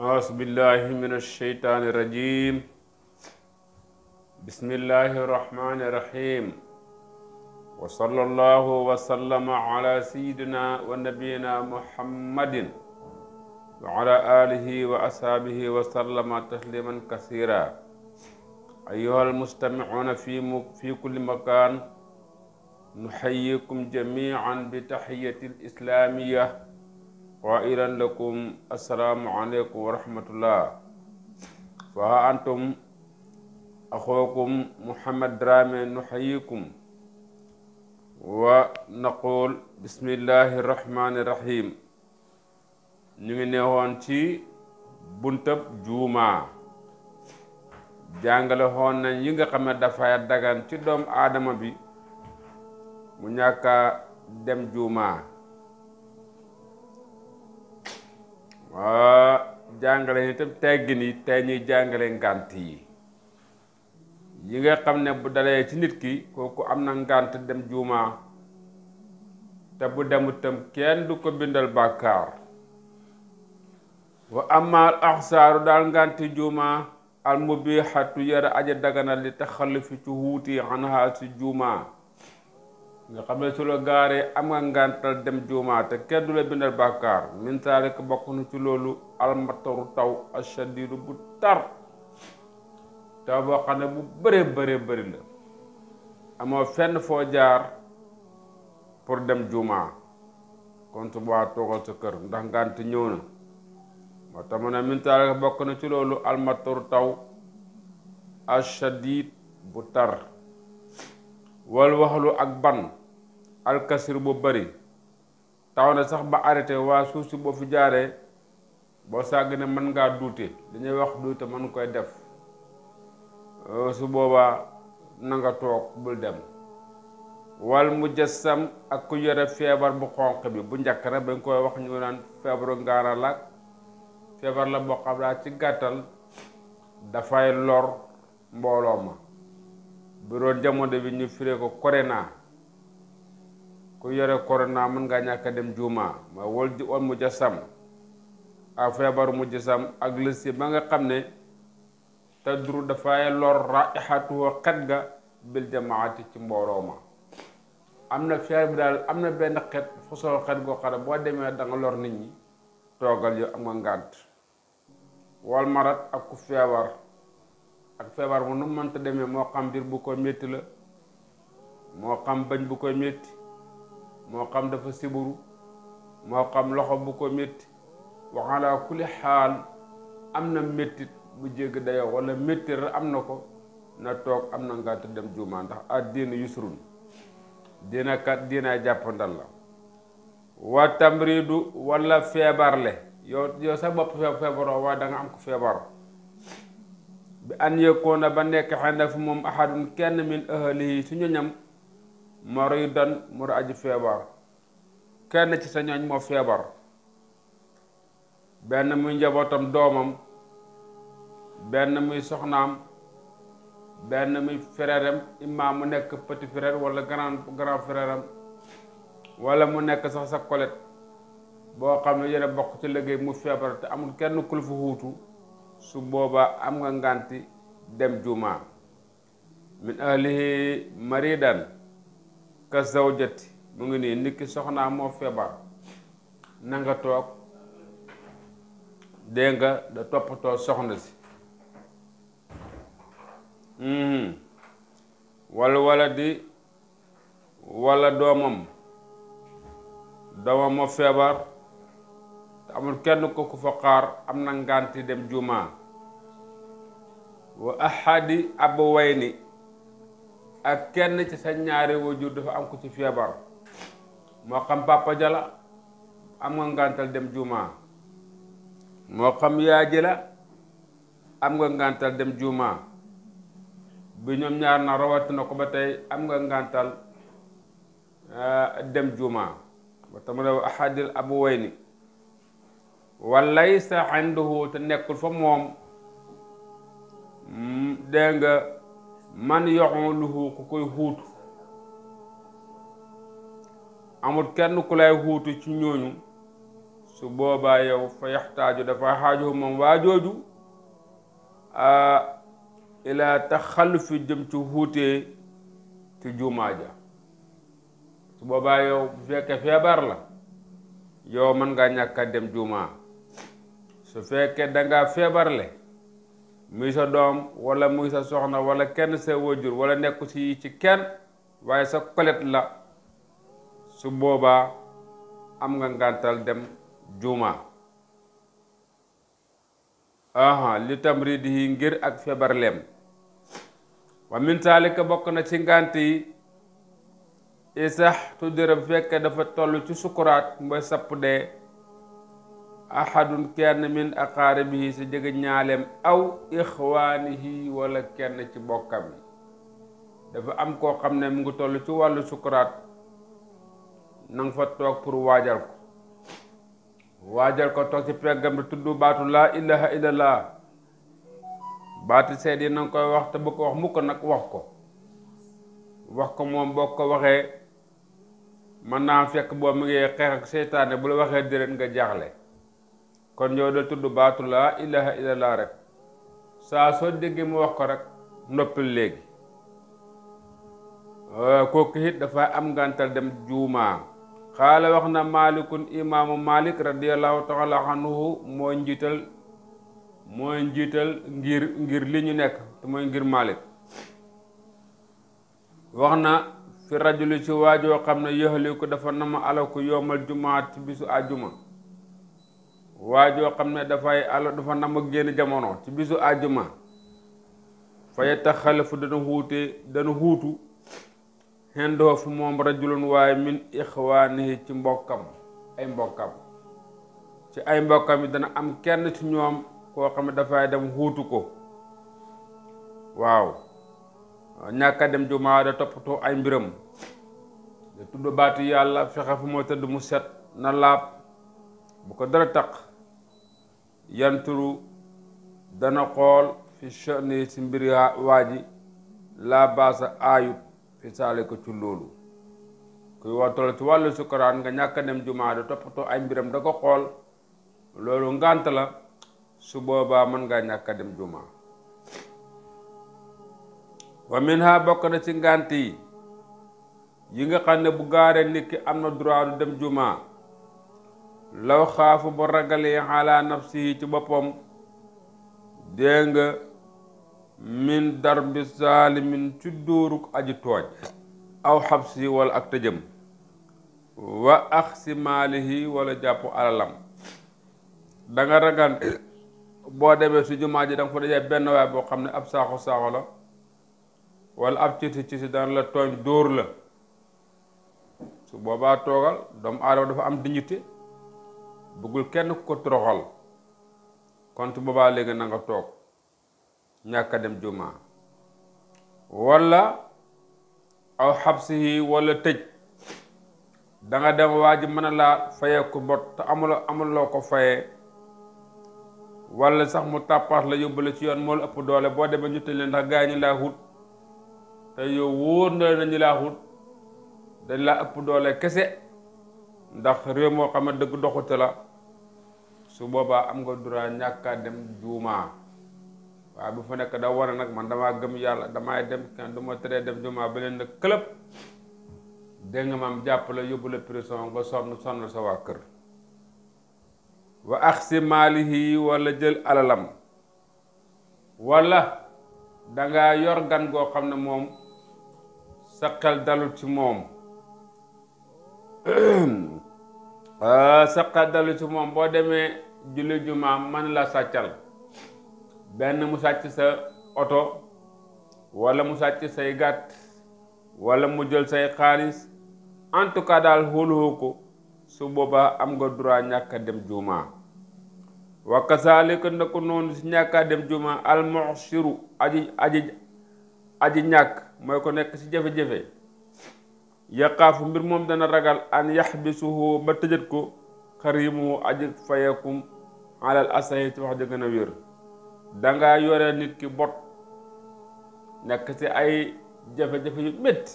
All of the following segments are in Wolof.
أعوذ بالله من الشيطان الرجيم بسم الله الرحمن الرحيم وصلى الله وسلم على سيدنا ونبينا محمد وعلى آله وأصحابه وسلم تسليما كثيرا أيها المستمعون في في كل مكان نحييكم جميعا بتحية الإسلامية wa iran lakum assalamu aleykum wa rahmatullah fa antum axookum muhammad drame nuxayikum wa naqul bismillahi rahmani ñu ngi neexoon ci buntab juuma jàngale xoon nañ yi nga xam ne dafay dagan ci doom aadama bi mu ñàkka dem juuma waa jàngale ni itam teggin yi tey ñuy jàngale ngànt yi yi nga xam ne bu dalee ci nit ki kooku am na ngànt dem juuma te bu demut tam kenn du ko bindal bàkkaar wa amaal axsaaru daal ngànti juuma al mubihatu yara aja daganal li taxallufi ci wuuti xanaa si juuma nga xam ne su la gaaree am nga ngàntal dem juumaa te kenn du la bindal bàkkaar min bokk na ci loolu almataru taw ashadidu bu tar taw amoo fenn foo jaar pour dem juumaa kon su baa kër ndax ngànt ñëw na moo tax bokk na ci loolu almataru taw ashadid bu tar wal waxlu ak ban alkasir bu bari taw na sax ba arrêté waa suuf si boo fi jaaree boo sàgg ne mën ngaa duute dañuy wax duute mën koy def euh, su boobaa na nga toog bul dem wal mu jësam ak ku yore feebar bu xonq bi bu njëkk rek bañ koy wax ñu naan feebaru ngaara la feebar la boo xam ci gàttal dafay lor mbooloo ma bu jamono bi ñu firee ko corona ku yore corona mën ngaa ñàkk a dem juuma ma wol di wol mujj sam ak feebaru mujj sam ak lësi ba nga xam ne tadru dafay lor raixatuwa xet ga bil jamaati ci mbooloo ma am na feer bi daal am na benn xet fosoo xet goo xam boo demee da lor nit ñi toogal yow am nga ngànt wal marat ak feebar ak feebar bu nu mënta demee moo xam biir bu koy métti la moo xam bañ bu koy métti moo xam dafa siburu moo xam loxo bu ko metti waxalaa kuli xaal am na méttit bu jégg dayoo wala méttit am na ko na toog am na ngànt dem juumaa ndax addiina yusrun dina kat dina jàppandal la wa tamridu wala feebarle yow yow sa bopp feebaroo waaye da am ko feebar bi an yëkkoona ba nekk xëy na moom ahadun kenn min ahalihi su ñu maridan mu di aji feebar kenn ci sa ñooñ moo feebar benn muy njabootam doomam benn muy soxnaam benn muy frèram imam mu nekk petit frère wala grand grand frèram wala mu nekk sax sa collègue boo xam ne yéen bokk ci liggéey mu feebar te amul kenn ku la fa wuutu su boobaa am nga ngànti dem jumaa min ahlihi maridan ka zawjati mu ngi nii nit ki soxnaa moo feebar na nga toog dégg nga da toppatoo soxna si hmm. wala wala doomam doomam moo feebar amul kenn ko ku fa xaar am na nganti dem jumaa wa ahadi abawayni ak kenn ci sa ñaari waajur dafa am ku ci feebar moo xam papa jala am nga ngàntal dem jumaa moo xam yaay ji am nga ngàntal dem jumaa bi ñoom ñaar na rawatina ko ba tey am nga ngantal dem jumaa ba tam rew ahadil abu way ni sa xenduhu te nekkul fa moom mm, dégg nga man yoxon luhu ku koy xuutu amul kenn ku lay xuutu ci ñooñu su boobaa yow fa yaxtaaju dafa xaaju moom waa jooju ila taxallufi jëm ci xuutee ci juumaa ja su boobaa yow bu fekkee feebar la yow mën nga ñàkka dem juumaa su fekkee danga feebarle muy sa doom wala muy sa soxna wala kenn sa wajur wala nekku ci ci kenn waaye sa kolet la su boobaa am nga ngàntal dem juuma aha li tamridihi ngir ak feebarleem wa min saalika bokk na ci ngànt yi isax tuddira bu fekkee dafa toll ci sukuraat mooy sapp dee ahadun kenn min aqaaribihi si jege ñaaleem aw ixwaanihi wala kenn ci bokkam yi dafa am koo xam ne mu ngi toll ci wàllu sukkuraat na nga fa toog pour waajal ko waajal ko toog ci peggam di tudd baatu laa ilaha illallah baati sedd yi na koy wax te bu ko wax mukk nag wax ko wax ko moom boo ko waxee mën naa fekk boo mu ngi xeex ak seytaane bu la waxee déret nga jaaxle kon yow del tudd baatu laa ilaha rek saa soo déggee mu wax ko rek noppil léegi euh, kooku it dafa am ngàntal dem juumaa xaala wax na malikun imaamu malik radiallahu li ñu nekk wax na fi rajuli ci waajoo xam ne yëxaliku dafa nama alaku yowmal jumaat ci bisu àjjuma waa joo xam ne dafay àll dafa nam ak génn jamono ci bisu àjjuma faye taxalafu dana xuute dana xuutu xendoo fu moom rajulun waaye min ixwaanihi ci mbokkam ay mbokkam ci ay mbokkam yi dana am kenn ci ñoom koo xam ne dafay dem xuutu ko waaw ñàkka dem jumaa da toppatoo ay mbiram da tudd baatu yàlla fexe fu moo tëdd mu set na laab bu ko dara taq yanturu dana xool fi chani si mbir waa ji laa baasa aayut fi saale ko ci loolu kuy watol ci wàllu sukkaraan nga ñàkk a dem jumaa du toppatoo ay mbiram da ko xool loolu ngant la su boobaa mën ngaa ñàkk dem jumaa wa min ha bokk na ci ngànt yi yi nga xam ne bu gaaree nit ki am na droit dem jumaa law xaafu bu ragalee ala nafsihi ci boppam dégg nga min darbi saalimin ci dóoruk aji tooñ aw xabsi wala ak tëjëm si axsi maalihi wala jàpp alalam danga nga ragal boo demee si jumaa ji da nga fa dajee benn waay boo xam ne ab saaxu saaxu la wala ab cisi cisi daan la tooñ dóor la su boobaa toogal doomu aadama dafa am dignité bëggul kenn ku ko toroxal kont boobaa léegi nanga toog ñàkk dem jumaa wala aw xabsi yi wala tëj da nga dem waa ji mën a laa fayee ku bot te amul amuloo ko fayee wala sax mu tàppaas la yóbbu la ci yoon moo la ëpp doole boo demee ñu tëj la ndax gaa ñi laa xut te yow wóor na la laa xut dañ laa ëpp doole kese ndax réew moo xam ne dëgg doxute la su boobaa am nga duraa ñàkkaa dem juumaa waaye bu fa nekk da war nag man damaa gëm yàlla damay dem kenn du ma dem juumaa beneen leen na këlëb dégg nga maam jàpp la yóbbu la prison nga sonn sonn sa waa kër wa axsi maalihi wala jël alalam wala dangaa yor gan goo xam ne moom sa xel dalul ci moom Euh, sa xaddalu ci moom boo demee julli jumaa man la sàccal benn mu sàcc sa oto wala mu sàcc say gàtt wala mu jël say xaalis en tout cas daal xóoluxoo ko su boobaa am nga droit ñàkk dem jumaa wa kasaalika na ko noonu si ñàkk dem jumaa almuxsiru aji aji aji ñàkk mooy ko nekk ci jafe-jafe yaqaafu mbir moom dana ragal an yaxbisuhu ba tëjat ko xarimu aji fayakum alal asahi ci wax ja gën a wér danga yore nit ki bot nekk ci ay jafe-jafe yu métti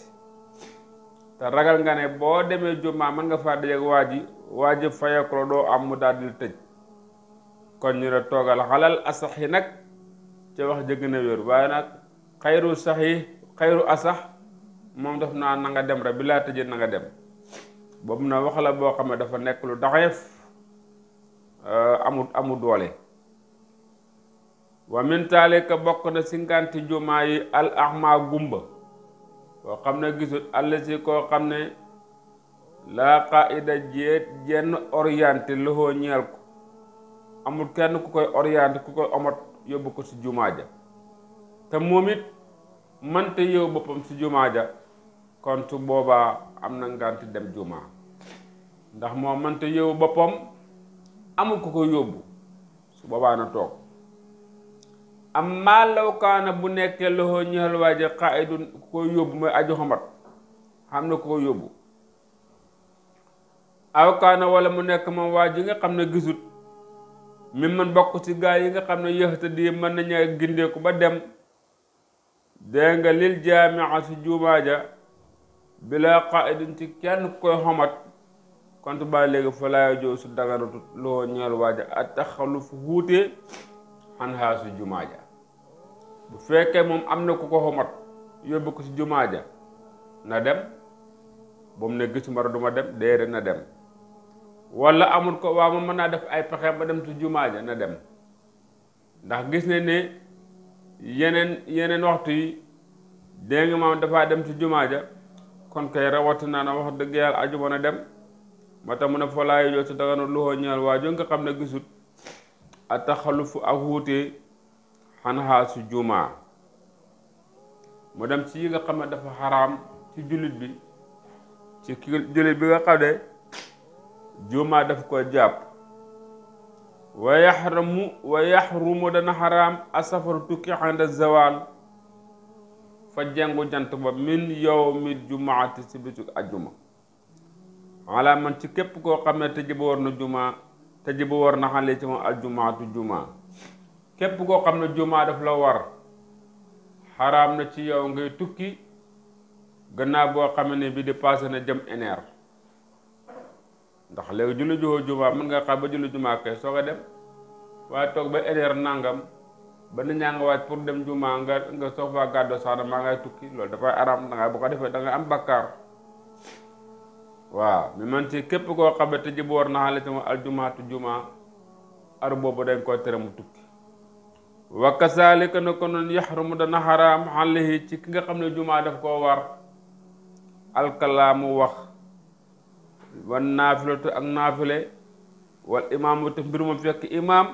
te ragal nga ne boo demee jumaa mën nga faa dajeek waaj ji waa ji la doo am mu daal di tëj kon ñu ne toogal xalal asax yi nag ci wax ja gën a wér waaye nag xayru sax yi xayru asax moom daf naa na nga dem rek bi laa tëjee nanga dem boobu na wax la boo xam ne dafa nekk lu daxeef amu euh, amu doole wa min taalika bokk na si nganti jumaa yi al gumba koo xam ne gisul àll si koo xam ne laa qaida jeet jenn orienté loxoo ñeel ko amul kenn ku koy orienté ku koy omot yóbbu ko si jumaa ja te moom it mënta yow boppam si jumaa ja kon su boobaa am na ngànt dem jumaa ndax moo mënta yóbbu boppam amul ku ko yóbbu su boobaa na toog amma law kaana bu nekkee loxo ñëxal waaje xaidun ku ko yóbbu mooy aju xamat xam na ko ko yóbbu aw kaana wala mu nekk moom waa ji nga xam ne gisut mi man bokk ci gaa yi nga xam ne yëxta di mën nañu gindeeku ba dem dégg nga lil jaami'a ci jumaa ja bilaa qaidin ci kenn koy xomat kontu bàyyi léegi fa laay jow su daganatu loo ñeel waaja attaxaluf wuute xan xaa su jumaa ja bu fekkee moom am na ku ko xomat yóbbu ko si jumaa ja na dem ba mu ne gisuma ma dem déedéet na dem wala amul ko waa ma mën naa def ay pexe ba dem si jumaa ja na dem ndax gis ne ne yeneen yeneen waxtu yi dégg nga maam dafaa dem si jumaa ja kon kay rawatina na wax dëgg yàlla aju a dem moo tax mu ne fa laay jot danga na lu ñaar waa jo nga xam ne gisut a taxalufu ak wuute xanaa su jumaa mu dem ci yi nga xam ne dafa xaraam ci jullit bi ci ki jullit bi nga xam ne jumaa daf ko jàpp wa yaxramu wa yaxrumu dana xaraam asafaru tukki xanda zawal fa jengu jant ba min yow mi jumaati si bisu ajjuma walla man ci képp koo xam ne te ba war na juma tëj ba war na xale ci juma képp koo xam ne juma daf la war xaraam na ci yow ngay tukki gannaaw boo xam ne bi di passé na jëm eneer ndax léegi julli juhoo juma mën nga xam ba julli juma kay soog dem waaye toog ba eneer nangam ba nit ñaa nga waaj pour dem jumaa nga nga soog faa gàddo soxna maa ngay tukki loolu dafay araam da nga defee da am bakkaar waaw mi man ci képp koo xamante ji bu war na xale sama aljumaatu mu tukki ci ki nga xam ne jumaa daf koo war alkalaamu wax wan naafilatu ak naafile wal imaamu te mbir fekk imaam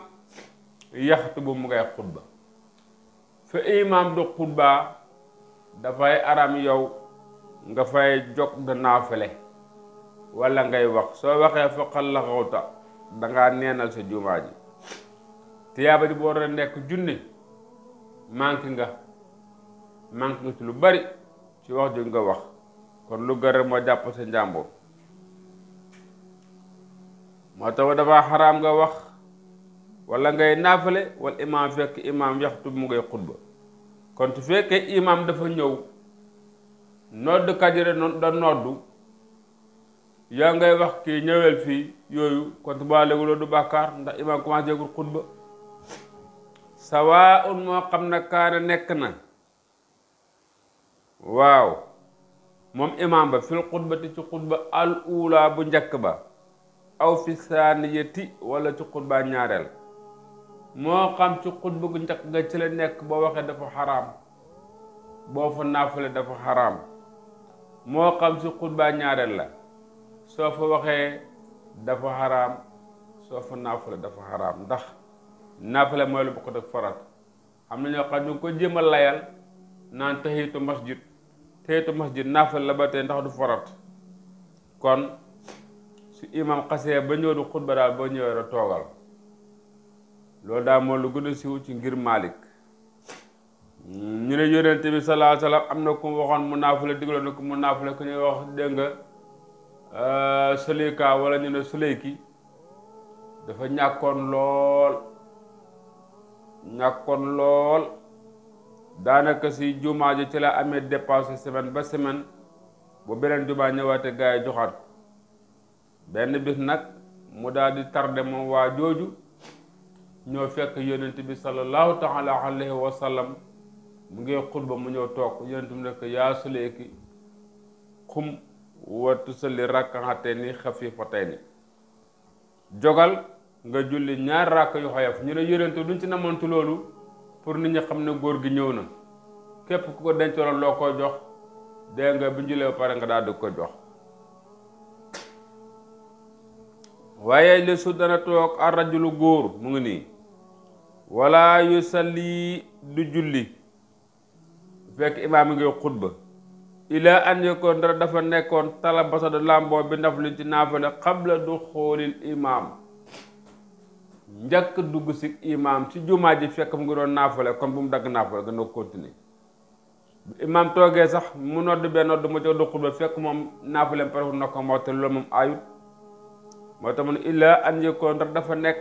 yaxtubu mu ngay xutba fa imaam du xutba dafay aram yow nga fay jog naafale walla ngay wax soo waxee foqal la xawta dangaa neenal sa jumaa ji tiyaaba ji boo doon nekk junni manqué nga manqué nga ci lu bari ci wax ju nga wax kon lu gër moo jàpp sa njàmbur moo tax dafa xaraam nga wax wala ngay naafale wala imaam fekk imaam yaxtub mu ngay xutba kon su fekkee imaam dafa ñëw noddkat yi da noddu yaa ngay wax kii ñëwel fii yooyu kon ba léegi loolu du bàkkaar ndax imaam commencé gul sawaa un moo xam ne kaana nekk na waaw moom imaam ba fil xutbati ci xutba al uulaa bu njëkk ba aw fi saaniyati wala ci xutbaa ñaareel moo xam ci xutba gu njëkk nga ci la nekk boo waxee dafa xaraam boo fa naafale dafa xaraam moo xam ci xutba ñaareel la soo fa waxee dafa xaraam soo fa naafale dafa xaraam ndax naafale mooy lu bokkut ak farat am na ñoo xam ñu ngi ko jéem a layal naan tahitu masjid tahitu masjid naafale la ba tey ndax du forat kon su imam xasee ba ñëw du xutba daal boo ñëwee la toogal loolu daal moo lu gën a ci ngir Malik ñu ne yonente bi salaa salaam am na ku mu waxoon mu naafule digaloon na ko mu naafule ku ñuy wax dégg nga euh, Suleyka wala ñu ne Suleyki dafa ñàkkoon lool lool daanaka si jumaa ji ci la amee dépassé semaine ba semaine bu beneen jumaa ñëwaate gars yi joxaat benn bis nag mu daal di tardé moom waa jooju ñoo fekk yonent bi sallallahu taala alayhi wa sallam mu ngi xutba mu ñëw toog yonent bi nekk yaa suleeki xum wa tusalli rakkaatayni xafiifatayni jogal nga julli ñaar rakk yu xoyof ñu ne yonent duñ ci namoon namantu loolu pour nit ñi xam ne góor gi ñëw na képp ku ko dencoon loo ko jox dégg nga bu ñu jullee ba pare nga daal di ko jox waaye lesu dana toog ar rajulu góor mu ngi nii wala yusalli du julli fekk imaam mi ngi xutba ilaa an dara dafa nekkoon tala basada làmboo bi ndaf liñ ci naafale xabla du xoolil imaam njëkk dugg si imaam ci jumaa ji fekk mu ngi doon naafale kon bu mu dagg naafale gën a imaam toogee sax mu nodd bee nodd mu jox du xutba fekk moom naafaleem pare na ko moo loolu moom ayut mooy tax illaa an yëkkoon ndax dafa nekk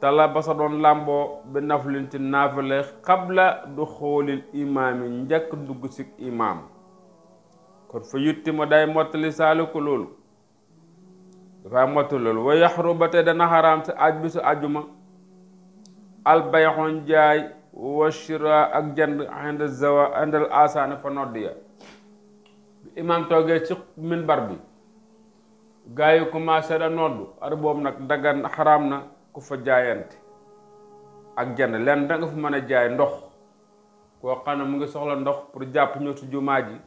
tala ba sa doon làmboo bi naflin ci naafale xabla du xoolil imaam yi njëkk dugg si imaam kon fa yutti ma day mottali saali ko loolu dafay mottali loolu ba te dana xaraam si aj bi su ajuma albayxoon jaay wa ak jënd ànd asaane fa nodd ya bi imaam toogee ci minbar bi gaa yi ko commencé da noddu ar boobu nag dagan xaraam na ku fa jaayante ak jënd lenn da fu mën a jaay ndox koo xam ne mu ngi soxla ndox pour jàpp ñëw si jumaa ji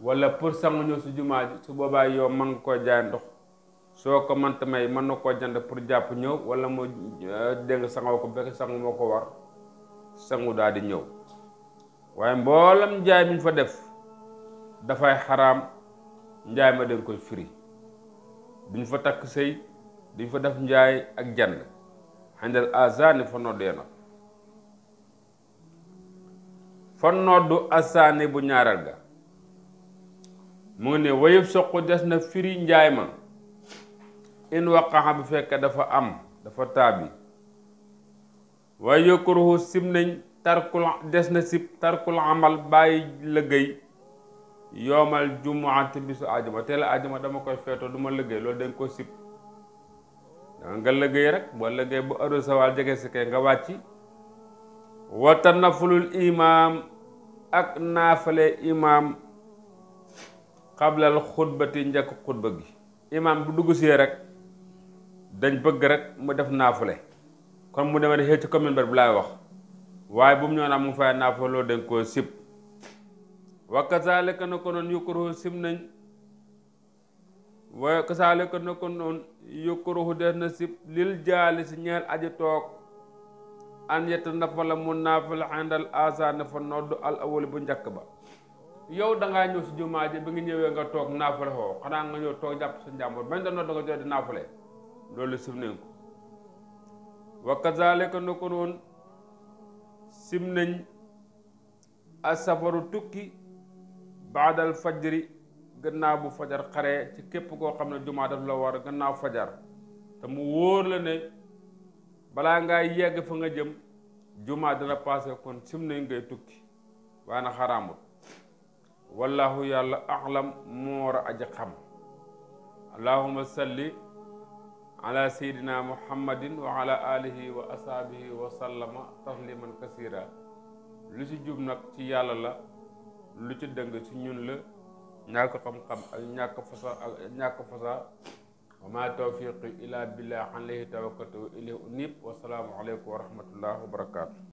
wala pour sangu ñëw si jumaa ji su boobaa yow mën nga koo jaay ndox soo ko mënta may mën na koo jënd pour jàpp ñëw wala mu euh, dégg sangoo ko fekk sangu moo ko war sangu daal di ñëw waaye mboolam njaay mi fa def dafay xaraam njaay ma dañ koy firi duñ fa takk sëy duñ fa def njaay ak jand xandal azaani fa noddee nopp fa noddu asaani bu ñaareel ga mu ngi ne wayëb soq des na firi njaay ma in waqaxa bu fekk dafa am dafa taabi waaye yokkuruhu sib nañ tarkul des na sib tarkul amal bàyyi lëggéey yoomal jumuat bisu ajuma teel a ajuma dama koy feetoo duma ma liggéey loolu dañ ko sib da nga liggéey rek boo liggéey bu heure sawaal jege si kay nga wàcci wa tanafulul imaam ak naafale imaam xablal xutbati njëkk xutba imaam bu dugg see rek dañ bëgg rek mu def naafule kon mu demee xëcc commune bi bu laay wax waaye bu mu ñëw naa mu fay naafale loolu dañ koo sib wa kazalika na ko noon yukrahu sim nañ wa kazalika na ko noon yukrahu des na sib lil jaali si ñeel aji toog an yetta nafa la mu naafil àndal asaan bu njëkk ba yow da ñëw si jumaa ji bi nga ñëwee nga toog naafale xoo xanaa nga ñëw toog jàpp sa njàmbur bañ da nodd nga jot di naafale loolu sim nañ ko wa kazalika na ko noon sim nañ asafaru tukki baadal fajri gannaaw bu fajar xare ci képp koo xam ne jumaa daf la war gannaaw fajar te mu wóor la ne balaa ngaa yegg fa nga jëm jumaa dana paase kon sim nañ ngay tukki waaye na xaraamul wallahu yàlla axlam moo war a aji xam allahuma salli ala seydina muhammadin wa ala wa asaabihi wa sallama tasliman kasira lu ci jub nag ci yàlla la lu ci dëng ci ñun la ñàkk xam-xam ak ñàkk fasa ak ñàkk fasa wa ma tawfiqi illa billah alayhi tawakkaltu wa ilayhi unib wasalaamu aleykum wa rahmatullah wa barakaatu